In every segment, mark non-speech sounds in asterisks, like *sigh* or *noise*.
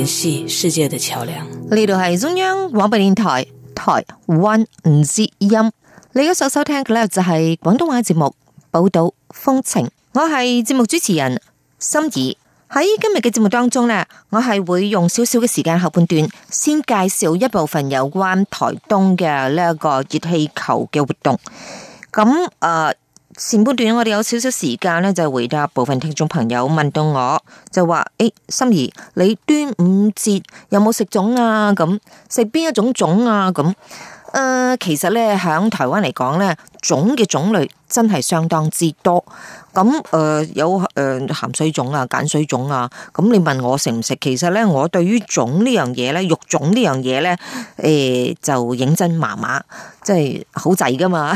聯繫世界的橋樑。呢度係中央廣播電台台灣之音。你所收聽嘅咧就係廣東話節目《寶島風情》。我係節目主持人心怡。喺今日嘅節目當中呢，我係會用少少嘅時間後半段，先介紹一部分有關台東嘅呢一個熱氣球嘅活動。咁誒。呃前半段我哋有少少時間咧，就回答部分聽眾朋友問到我，就話：誒、欸，心儀，你端午節有冇食粽啊？咁食邊一種粽啊？咁誒、呃，其實咧響台灣嚟講咧，粽嘅種類真係相當之多。咁誒、呃、有誒鹹、呃、水粽啊、鹼水粽啊。咁你問我食唔食？其實咧，我對於粽呢樣嘢咧、肉粽呢樣嘢咧、誒、呃、就認真麻麻，即係好滯噶嘛。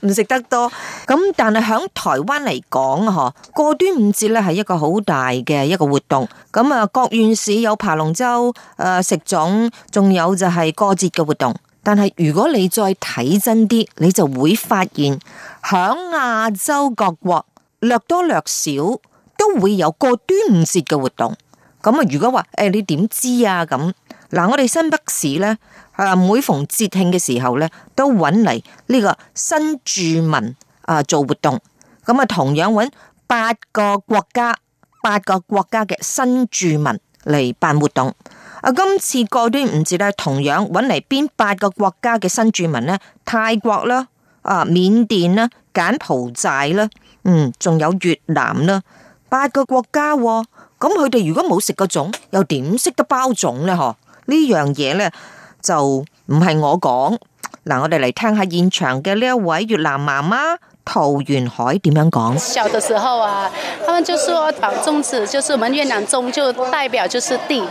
唔食 *laughs* 得多，咁但係喺台灣嚟講，嗬，過端午節咧係一個好大嘅一個活動，咁啊各縣市有扒龍舟、誒、呃、食粽，仲有就係過節嘅活動。但係如果你再睇真啲，你就會發現喺亞洲各國略多略少，都會有過端午節嘅活動。咁、哎、啊，如果話誒你點知啊咁？嗱，我哋新北市咧，啊，每逢節慶嘅時候咧，都揾嚟呢個新住民啊做活動，咁啊同樣揾八個國家，八個國家嘅新住民嚟辦活動。啊，今次過端午節咧，同樣揾嚟邊八個國家嘅新住民咧？泰國啦，啊，緬甸啦，柬埔寨啦，嗯，仲有越南啦，八個國家喎。咁佢哋如果冇食過粽，又點識得包粽咧？嗬！呢樣嘢呢，就唔係我講，嗱，我哋嚟聽下現場嘅呢一位越南媽媽陶元海點樣講。小嘅時候啊，他們就說綁粽子，就是我們越南粽，就代表就是地，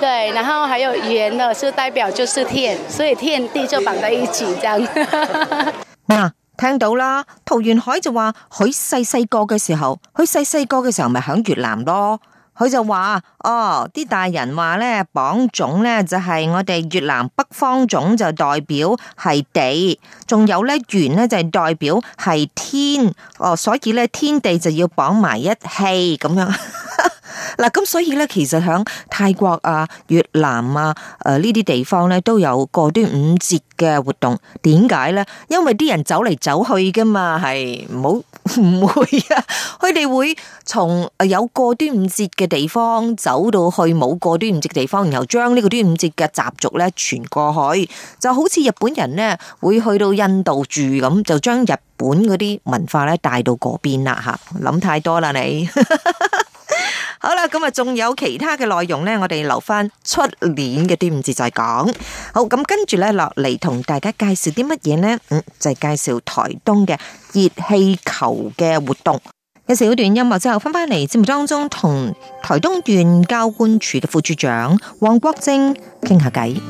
對，然後還有圓的就代表就是天，所以天地就綁在一起這樣，咁。嗱，聽到啦，陶元海就話佢細細個嘅時候，佢細細個嘅時候咪響越南咯。佢就話哦，啲大人話咧，綁種咧就係我哋越南北方種，就代表係地，仲有咧圓咧就代表係天哦，所以咧天地就要綁埋一起咁樣。 *laughs* 嗱，咁所以咧，其實喺泰國啊、越南啊、誒呢啲地方咧，都有過端午節嘅活動。點解呢？因為啲人走嚟走去噶嘛，係唔唔會啊！佢哋會從有過端午節嘅地方走到去冇過端午節嘅地方，然後將呢個端午節嘅習俗咧傳過去，就好似日本人呢，會去到印度住咁，就將日本嗰啲文化咧帶到嗰邊啦吓，諗太多啦你。 *laughs* 好啦，咁啊，仲有其他嘅內容呢？我哋留翻出年嘅端午節再講。好，咁跟住呢，落嚟同大家介紹啲乜嘢呢？嗯，就係、是、介紹台東嘅熱氣球嘅活動。有小段音樂之後，翻返嚟節目當中，同台東縣交官處嘅副處長黃國正傾下偈。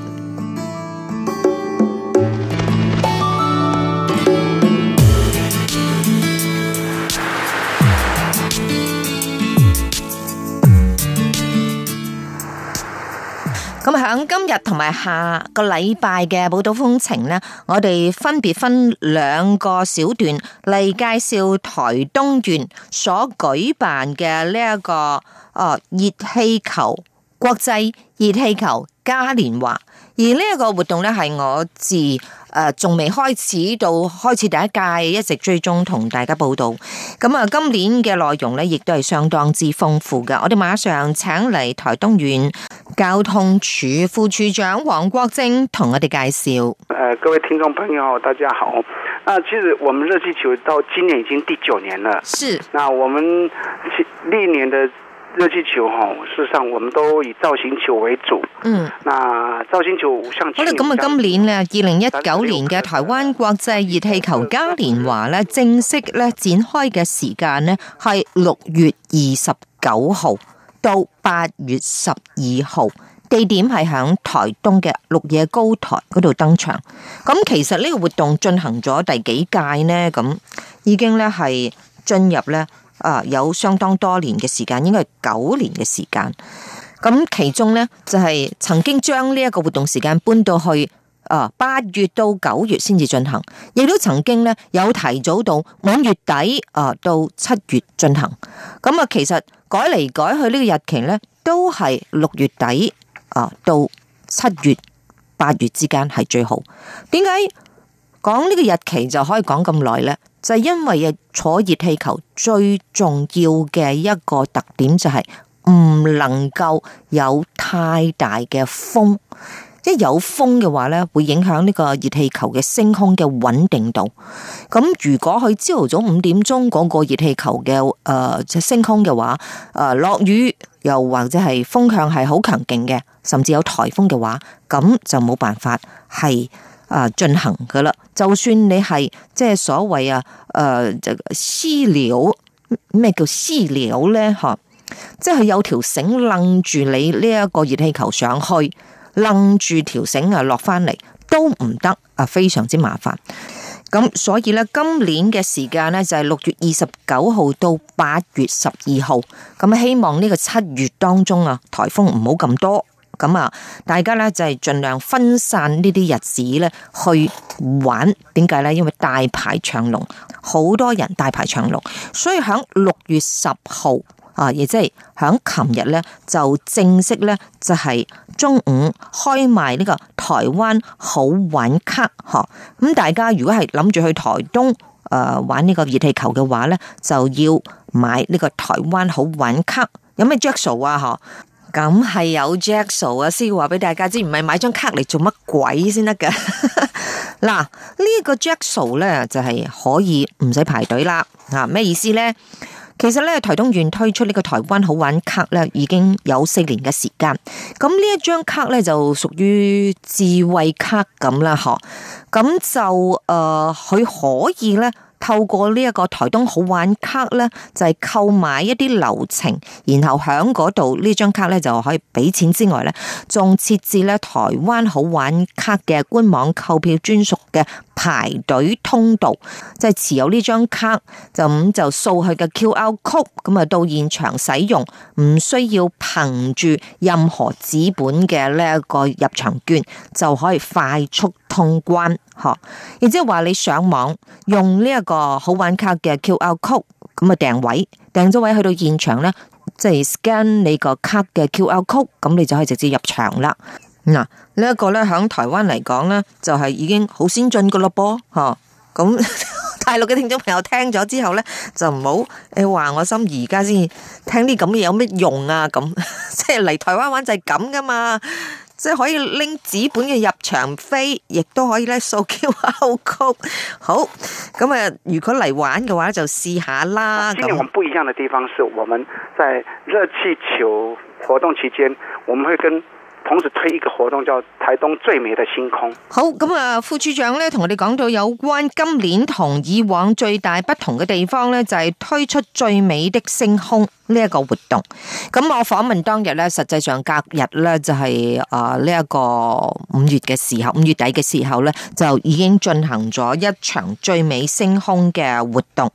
咁響今日同埋下個禮拜嘅《報導風情》呢，我哋分別分兩個小段嚟介紹台東縣所舉辦嘅呢一個誒熱氣球國際熱氣球嘉年華，而呢一個活動呢，係我自。仲未、呃、開始到開始第一屆，一直追蹤同大家報道。咁、嗯、啊，今年嘅內容呢，亦都係相當之豐富嘅。我哋馬上請嚟台東縣交通處副處長黃國晶同我哋介紹、呃。各位聽眾朋友，大家好。那其實我們熱氣球到今年已經第九年了。是。那我們歷年的。熱氣球嗬，事實上我們都以造型球為主。嗯，嗯那造型球相，好啦，咁啊，今年咧，二零一九年嘅台灣國際熱氣球嘉年華咧，正式咧展開嘅時間咧係六月二十九號到八月十二號，地點係響台東嘅綠野高台鹿野高台嗰度登場。咁其實呢個活動進行咗第幾屆呢？咁已經咧係進入咧。啊，有相當多年嘅時間，應該係九年嘅時間。咁其中呢，就係曾經將呢一個活動時間搬到去啊八月到九月先至進行，亦都曾經呢，有提早到五月底啊到七月進行。咁啊，其實改嚟改去呢個日期呢，都係六月底啊到七月八月之間係最好。點解講呢個日期就可以講咁耐呢？就係因為啊，坐熱氣球最重要嘅一個特點就係唔能夠有太大嘅風，一有風嘅話咧，會影響呢個熱氣球嘅升空嘅穩定度。咁如果佢朝頭早五點鐘嗰個熱氣球嘅誒、呃、升空嘅話，誒、呃、落雨又或者係風向係好強勁嘅，甚至有颱風嘅話，咁就冇辦法係。啊，進行噶啦，就算你係即係所謂啊，誒、呃，就繫留，咩叫繫留咧？吓、啊，即係有條繩掹住你呢一個熱氣球上去，掹住條繩啊落翻嚟都唔得啊，非常之麻煩。咁所以咧，今年嘅時間咧就係、是、六月二十九號到八月十二號，咁希望呢個七月當中啊，颱風唔好咁多。咁啊，大家咧就係盡量分散呢啲日子咧去玩，點解咧？因為大排長龍，好多人大排長龍，所以響六月十號啊，亦即係響琴日咧就正式咧就係中午開賣呢個台灣好玩卡，嗬！咁大家如果係諗住去台東誒玩呢個熱氣球嘅話咧，就要買呢個台灣好玩卡，有咩 j 着數啊？嗬！咁係有 Jack 啊，先話俾大家知，唔係買張卡嚟做乜鬼先得噶。嗱， *laughs* 這個、呢個 Jack 數咧就係、是、可以唔使排隊啦。啊，咩意思咧？其實咧，台東縣推出呢個台灣好玩卡咧，已經有四年嘅時間。咁呢一張卡咧就屬於智慧卡咁啦，嗬。咁就誒，佢、呃、可以咧。透過呢一個台東好玩卡咧，就係購買一啲流程，然後喺嗰度呢張卡咧就可以俾錢之外咧，仲設置咧台灣好玩卡嘅官網購票專屬嘅，排隊通道，即係持有呢張卡，就咁就掃去嘅 QR code，咁啊到現場使用，唔需要憑住任何紙本嘅呢一個入場券，就可以快速通關，吓。亦即係話你上網用呢一個好玩卡嘅 QR code，咁啊訂位，訂咗位去到現場呢，即係 scan 你個卡嘅 QR code，咁你就可以直接入場啦。嗱，個呢一個咧喺台灣嚟講咧，就係、是、已經好先進噶咯噃，吓、啊、咁 *laughs* 大陸嘅聽眾朋友聽咗之後咧，就唔好誒話我心而家先聽啲咁嘢有乜用啊？咁即係嚟台灣玩就係咁噶嘛，即係可以拎紙本嘅入場飛，亦都可以咧掃 Q R Q。好，咁啊，如果嚟玩嘅話就試下啦。咁，今年我們不一樣的地方是，我們在熱氣球活動期間，我們會跟。同時推一個活動，叫台東最美的星空。好，咁啊，副處長呢，同我哋講到有關今年同以往最大不同嘅地方呢，就係推出最美的星空。呢一個活動，咁我訪問當日呢，實際上隔日呢，就係啊呢一個五月嘅時候，五月底嘅時候呢，就已經進行咗一場最美星空嘅活動。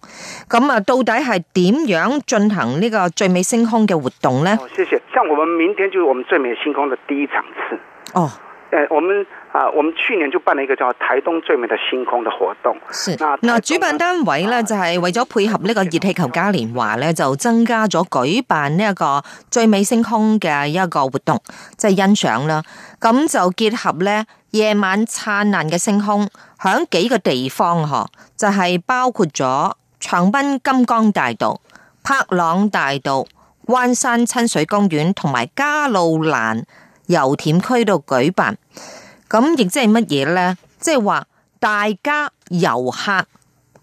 咁啊，到底係點樣進行呢個最美星空嘅活動呢？哦，謝謝。像我們明天就係我們最美星空的第一場次。哦。誒，我們啊，我們去年就辦了一個叫台東最美的星空的活動。是。嗱、啊，主辦單位呢就係為咗配合呢個熱氣球嘉年華呢，就增加咗舉辦呢一個最美星空嘅一個活動，即、就、係、是、欣賞啦。咁就結合呢，夜晚燦爛嘅星空，響幾個地方呵，就係、是、包括咗長濱金剛大道、柏朗大道、關山親水公園同埋加路蘭。遊憩區度舉辦咁，亦即係乜嘢呢？即係話大家遊客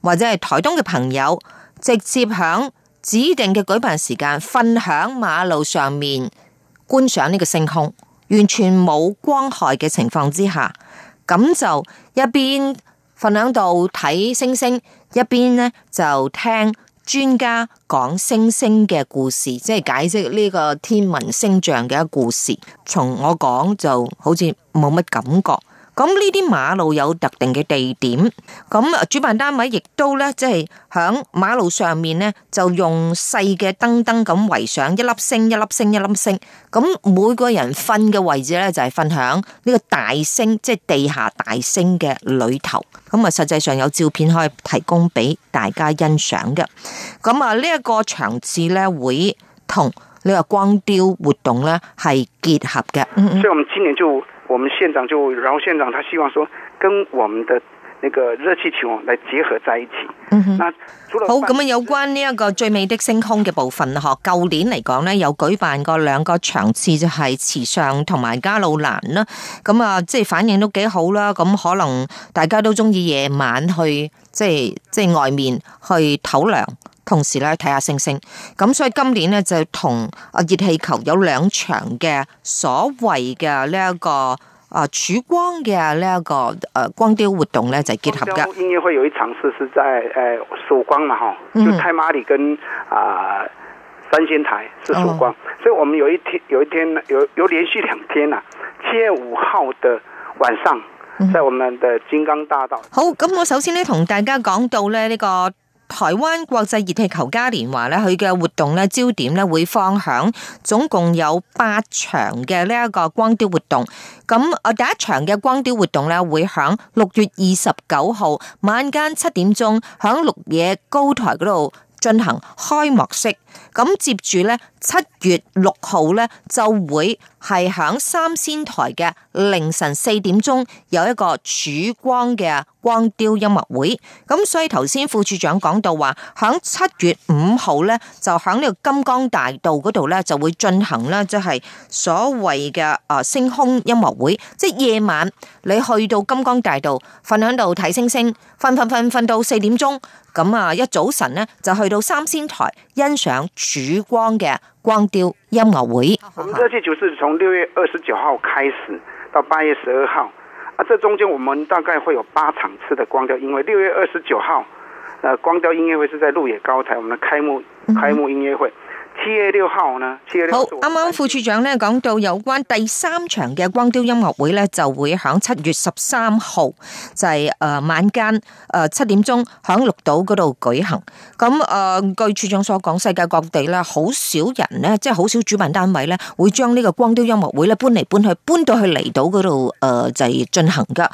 或者係台東嘅朋友，直接響指定嘅舉辦時間，瞓響馬路上面觀賞呢個星空，完全冇光害嘅情況之下，咁就一邊瞓響度睇星星，一邊呢就聽。專家講星星嘅故事，即係解釋呢個天文星象嘅一個故事。從我講就好似冇乜感覺。咁呢啲馬路有特定嘅地點，咁啊主辦單位亦都咧，即係喺馬路上面咧，就用細嘅燈燈咁圍上一粒星、一粒星、一粒星，咁每個人瞓嘅位置咧就係瞓喺呢個大星，即係地下大星嘅裏頭。咁啊，實際上有照片可以提供俾大家欣賞嘅。咁啊，呢一個場次咧會同呢個光雕活動咧係結合嘅。嗯嗯。所以，我哋今年就。我們縣長就，然後縣長他希望說，跟我們的那個熱氣球來結合在一起。Mm hmm. 好，咁啊有關呢一個最美的星空嘅部分嗬，舊年嚟講咧有舉辦過兩個場次就係、是、池上同埋加路蘭啦，咁啊即係反應都幾好啦，咁可能大家都中意夜晚去即係即係外面去透涼，同時咧睇下星星，咁所以今年咧就同啊熱氣球有兩場嘅所謂嘅呢一個啊曙光嘅呢一個誒光雕活動咧就是、結合嘅。音樂會有一場是是在誒曙光嘛嗬，mm hmm. 就太麻里跟啊、呃、三仙台是曙光，mm hmm. 所以我們有一天有一天有有連續兩天啦，七月五號嘅晚上，在我們的金剛大道。Mm hmm. 好，咁我首先咧同大家講到咧、這、呢個。台灣國際熱氣球嘉年華咧，佢嘅活動咧焦點咧會放響總共有八場嘅呢一個光雕活動。咁啊，第一場嘅光雕活動咧會響六月二十九號晚間七點鐘，響鹿野高台嗰度進行開幕式。咁接住咧，七月六號咧就會係響三仙台嘅凌晨四點鐘有一個曙光嘅光雕音樂會。咁所以頭先副處長講到話，響七月五號咧就響呢個金剛大道度咧就會進行咧即係所謂嘅啊星空音樂會。即係夜晚你去到金剛大道瞓響度睇星星，瞓瞓瞓瞓到四點鐘，咁啊一早晨咧就去到三仙台欣賞。主光嘅光雕音樂會，我們呢次就是從六月二十九號開始到八月十二號，啊，這中間我們大概會有八場次的光雕，因為六月二十九號，光雕音樂會是在鹿野高台，我們的開幕開幕音樂會。好，啱啱副處長咧講到有關第三場嘅光雕音樂會咧，就會喺七月十三號就係誒晚間誒七點鐘喺綠島嗰度舉行。咁誒，據處長所講，世界各地咧好少人咧，即係好少主辦單位咧會將呢個光雕音樂會咧搬嚟搬去，搬到去離島嗰度誒就係進行噶。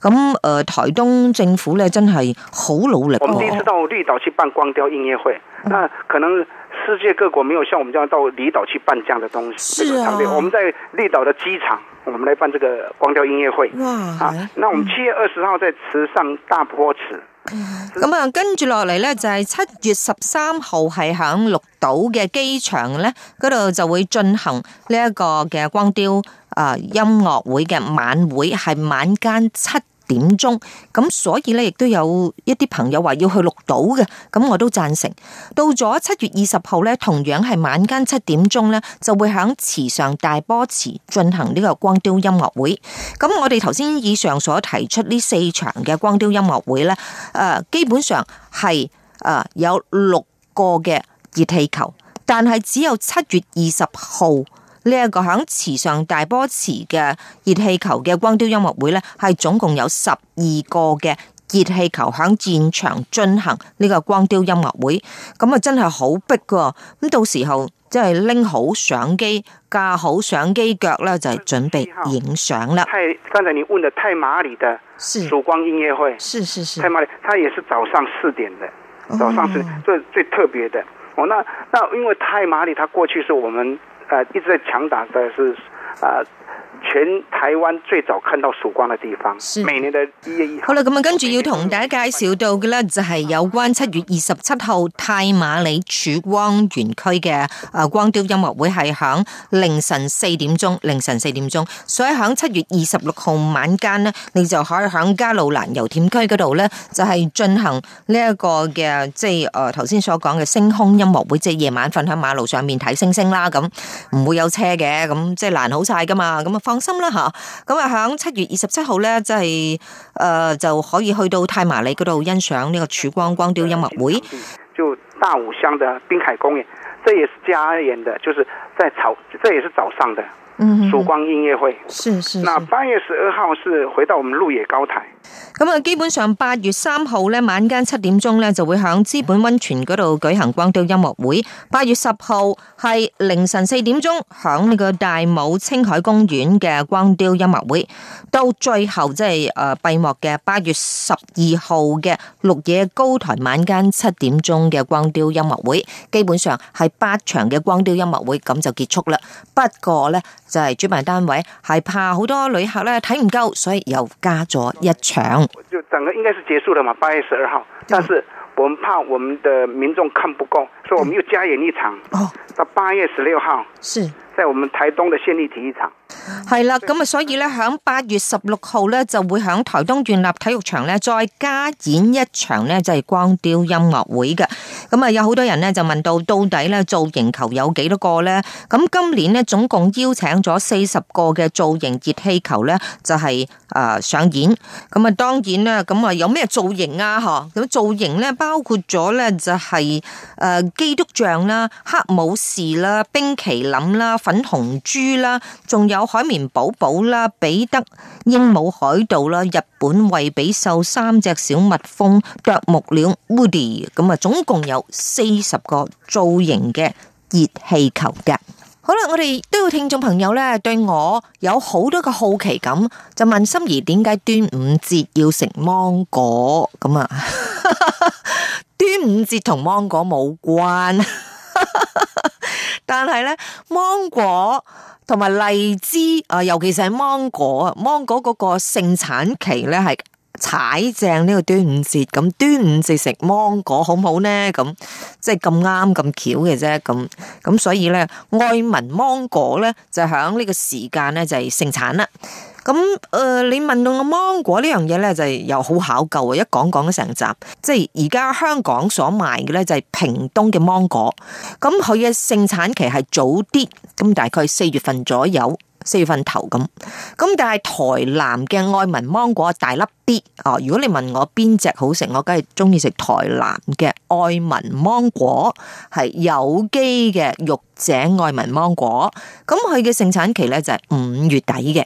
咁誒，台東政府咧真係好努力。我們第一次到綠島去辦光雕音樂會，那可能。世界各國沒有像我們這樣到離島去辦這樣的東西。是啊，我們在離島的機場，我們來辦這個光雕音樂會。哇啊，那我們七月二十號在池上大坡池。咁啊，跟住落嚟呢，就係、是、七月十三號係響綠島嘅機場呢度就會進行呢一個嘅光雕啊音樂會嘅晚會，係晚間七。點鐘咁，所以咧亦都有一啲朋友話要去綠島嘅，咁我都贊成。到咗七月二十號咧，同樣係晚間七點鐘咧，就會響池上大坡池進行呢個光雕音樂會。咁我哋頭先以上所提出呢四場嘅光雕音樂會咧，誒，基本上係誒有六個嘅熱氣球，但係只有七月二十號。呢一個喺池上大坡池嘅熱氣球嘅光雕音樂會呢，係總共有十二個嘅熱氣球喺現場進行呢個光雕音樂會，咁啊真係好逼噶！咁到時候即係拎好相機架好相機腳呢，就準備影相啦。太，剛才你問的太麻里嘅曙光音樂會，是是是，太麻里，他也是早上四點的，早上四點最最特別的。哦，那那因為太麻里，他過去是我們。啊、呃，一直在強打，但是，啊、呃。全台灣最早看到曙光嘅地方，是每年嘅一月一號好啦，咁啊跟住要同大家介紹到嘅咧，就係有關七月二十七號太麻里曙光園區嘅誒光雕音樂會，係響凌晨四點鐘，凌晨四點鐘，所以響七月二十六號晚間咧，你就可以響加路蘭遊憩區度咧，就係進行呢一個嘅即係誒頭先所講嘅星空音樂會，即係夜晚瞓響馬路上面睇星星啦，咁唔會有車嘅，咁即係攔好晒噶嘛，咁啊。放心啦吓，咁啊響七月二十七號咧，即係誒就可以去到太麻里度欣賞呢個曙光光雕音樂會。就大武鄉的濱海公園，這也是家人的，就是在早，這也是早上的。嗯，曙光音樂會是是，那八月十二號是回到我們鹿野高台。咁啊，基本上八月三號咧，晚間七點鐘咧就會響知本溫泉嗰度舉行光雕音樂會。八月十號係凌晨四點鐘響呢個大武青海公園嘅光雕音樂會。到最後即係誒閉幕嘅八月十二號嘅鹿野高台晚間七點鐘嘅光雕音樂會，基本上係八場嘅光雕音樂會，咁就結束啦。不過呢。就係主辦單位係怕好多旅客咧睇唔夠，所以又加咗一場。就整個應該是結束了嘛，八月十二號。但是我們怕我們的民眾看不夠，所以我們又加演一場。哦，到八月十六號。是，在我們台東的縣立體育場。係啦，咁啊，所以咧，喺八月十六號咧，就會喺台東縣立體育場咧，再加演一場呢，就係光雕音樂會嘅。咁啊，有好多人咧就問到，到底咧造型球有幾多個咧？咁今年咧總共邀請咗四十個嘅造型熱氣球咧，就係誒上演。咁啊，當然啦，咁啊有咩造型啊？嗬，咁造型咧包括咗咧就係誒基督像啦、黑武士啦、冰淇淋啦、粉紅豬啦，仲有海綿寶寶啦，彼得鸚鵡海盜啦，日本惠比壽三隻小蜜蜂、啄木鳥 Woody，咁啊總共有四十個造型嘅熱氣球嘅。好啦，我哋都有聽眾朋友咧對我有好多嘅好奇感，就問心儀點解端午節要食芒果咁啊？端午節同芒果冇關，但係咧芒果。同埋荔枝啊，尤其是係芒果啊，芒果嗰個盛產期咧係踩正呢個端午節，咁端午節食芒果好唔好呢？咁即係咁啱咁巧嘅啫。咁咁所以咧，愛文芒果咧就喺呢個時間咧就係、是、盛產啦。咁誒、呃，你問到個芒果呢樣嘢呢，就係又好考究啊！一講講咗成集，即係而家香港所賣嘅呢，就係屏東嘅芒果。咁佢嘅盛產期係早啲，咁大概四月份左右，四月份頭咁。咁但係台南嘅愛文芒果大粒啲啊、哦。如果你問我邊隻好食，我梗係中意食台南嘅愛文芒果，係有機嘅玉井愛文芒果。咁佢嘅盛產期呢，就係、是、五月底嘅。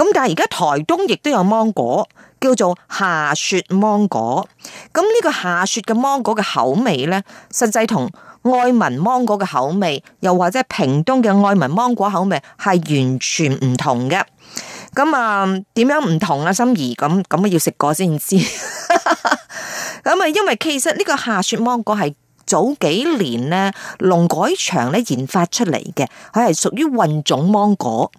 咁但係而家台東亦都有芒果，叫做夏雪芒果。咁呢個夏雪嘅芒果嘅口味呢，實際同愛文芒果嘅口味，又或者屏東嘅愛文芒果口味係完全唔同嘅。咁啊，點、呃、樣唔同啊？心怡咁咁啊，要食過先知。咁啊，因為其實呢個夏雪芒果係。早幾年咧，農改場咧研發出嚟嘅，佢係屬於混種芒果，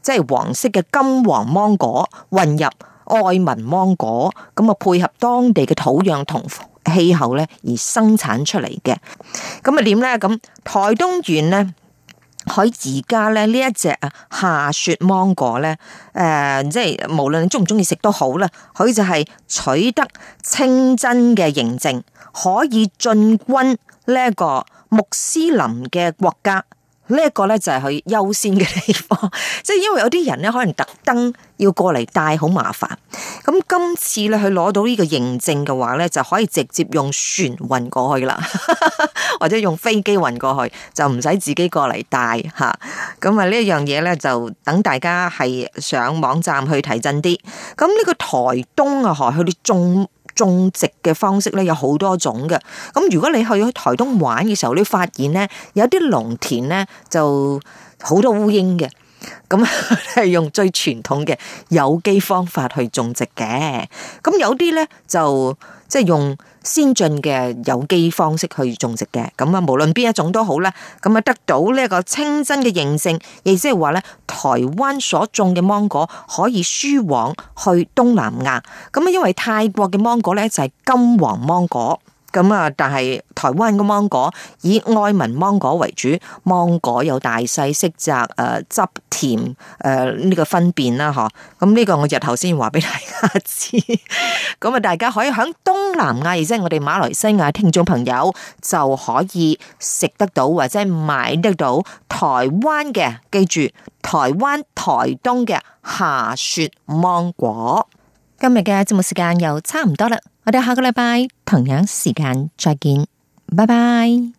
即係黃色嘅金黃芒果混入愛文芒果，咁啊配合當地嘅土壤同氣候咧而生產出嚟嘅。咁啊點咧？咁台東縣咧，佢而家咧呢一隻啊夏雪芒果咧，誒、呃，即係無論你中唔中意食都好啦，佢就係取得清真嘅認證。可以進軍呢一個穆斯林嘅國家，呢、這、一個咧就係佢優先嘅地方，即 *laughs* 係因為有啲人咧可能特登要過嚟帶好麻煩，咁今次咧佢攞到呢個認證嘅話咧，就可以直接用船運過去啦， *laughs* 或者用飛機運過去，就唔使自己過嚟帶嚇。咁啊呢一樣嘢咧就等大家係上網站去提振啲。咁呢個台東啊，嗬，佢啲中。種植嘅方式咧有好多種嘅，咁如果你去去台東玩嘅時候，你發現咧有啲農田咧就好多烏蠅嘅，咁係用最傳統嘅有機方法去種植嘅，咁有啲咧就。即係用先進嘅有機方式去種植嘅，咁啊，無論邊一種都好啦，咁啊，得到呢個清真嘅認證，亦即係話咧，台灣所種嘅芒果可以輸往去東南亞，咁啊，因為泰國嘅芒果咧就係金黃芒果。咁啊！但係台灣嘅芒果以愛文芒果為主，芒果有大細、色澤、誒、呃、汁甜誒呢、呃這個分辨啦，嗬！咁、這、呢個我日後先話俾大家知。咁啊，大家可以響東南亞，即係我哋馬來西亞聽眾朋友就可以食得到或者買得到台灣嘅，記住台灣台東嘅下雪芒果。今日嘅節目時間又差唔多啦，我哋下個禮拜同樣時間再見，拜拜。